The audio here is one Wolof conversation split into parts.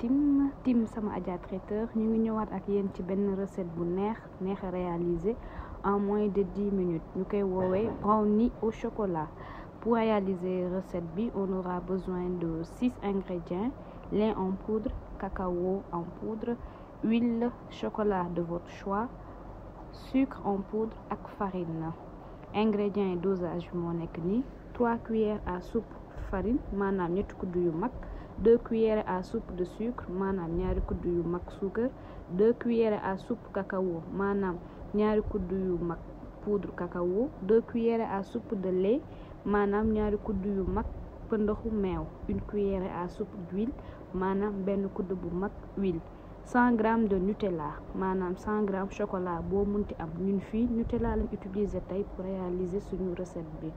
tim tim sama Adja Traiteur ñu ngi ñëwaat ak yeen ci recette bu neex neex en moins de 10 minutes ñu koy brownie au chocolat pour réaliser recette bi on aura besoin de 6 ingrédients Lait en poudre cacao en poudre huile chocolat de votre choix sucre en poudre et farine ingrédients et dosage 3 cuillères à soupe farine Manam 2 cuillères à soupe de sucre manam ñaari kuddu yu mag 2 cuillères à soupe cacao manam ñaari yu poudre cacao 2 cuillères à soupe de lait manam ñaari kuddu yu mag pendoxu cuillère à soupe d'huile manam bu huile 100 g de Nutella manam 100 de chocolat bo munti am ñun Nutella lañ utiliser pour réaliser suñu recette bi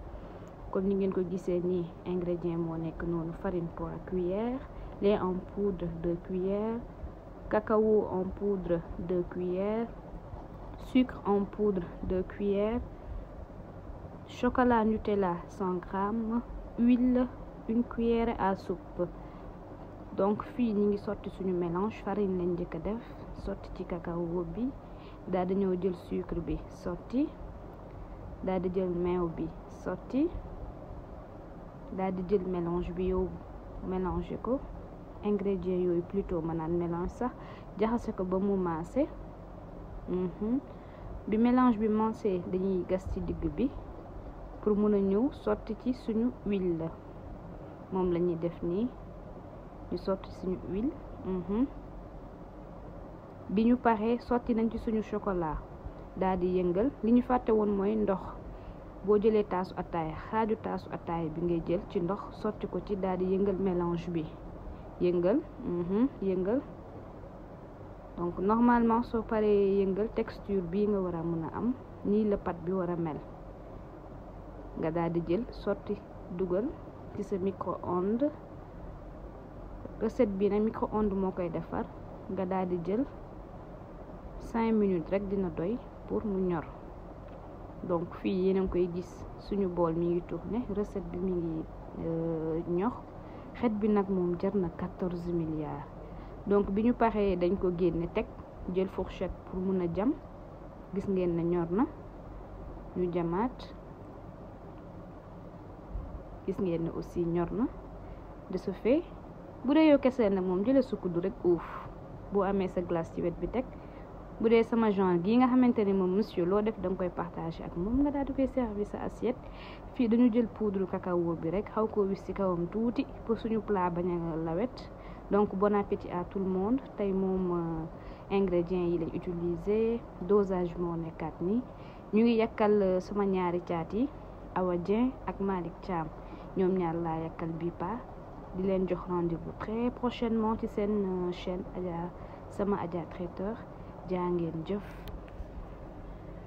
comme ni ngeen ko les ingrédients ingrédient moo nekk pour farine à cuillère lait en poudre de cuillères cacao en poudre de cuillères sucre en poudre de cuillères chocolat Nutella 100 g huile une cuillère à soupe donc nous ñu ngi sotti suñu mélange farine lañ njëkk def ci cacao bi daal di jël sucre bi sotti daal le jël meew bi dadi mélange bi mélanger ingrédients plutôt manan mélange sax jaxase ko ba mu hmm bi mélange bi dañuy gas ci pour mëna ñëw sotti ci suñu huile la def ñu huile mhm. bi nañ chocolat dadi bo jëlee taasu ataay xaju tasu ataay bi ngay jël ci ndox sotti ko ci daal di yëngal mélange bi yëngal mhm, yëngal donc normalement so paré yëngal texture bi nga wara mëna am ni le pat bi wara mel nga daal di jël sotti duggal ci sa micro-ondes recette bi na micro-ondes mo koy défar nga daal di jël 5 minutes rek dina doy pour mu ñor donc fii yéen a ngi koy gis suñu bool mi ngi tourné recette bi mi ngi euh, ñox xet bi nag moom jar na quatorze milliards donc bi ñu paree dañ ko génne teg jël fourchette pour mun a jam gis ngeen ne ñor na ñu jamaat gis ngeen ne aussi ñor na de ce fait bu dee yow kese nag moom jëlee sukkudu rek uuf boo amee sa glace ci wet bi teg bu dee sama genre gii nga xamante ni moom monsieur loo def da koy partagé ak moom nga daal di koy servir sa assiette fii dañu jël poudre cacao bi rek xaw koo wis ci kawam tuuti pour suñu plat bañ a lawet donc bon appétit à tout le monde tey moom euh, ingrédients yi lay utiliser dosage moo nekkaat ni ñu ngi yàkkal euh, sama ñaari caat yi Awa Dieng ak malik Thiam ñoom ñaar laa yàkkal bi pa di leen jox rendez-vous très prochainement ci seen euh, chaîne Adja sama Adja Traiteur jaa ngeen jëf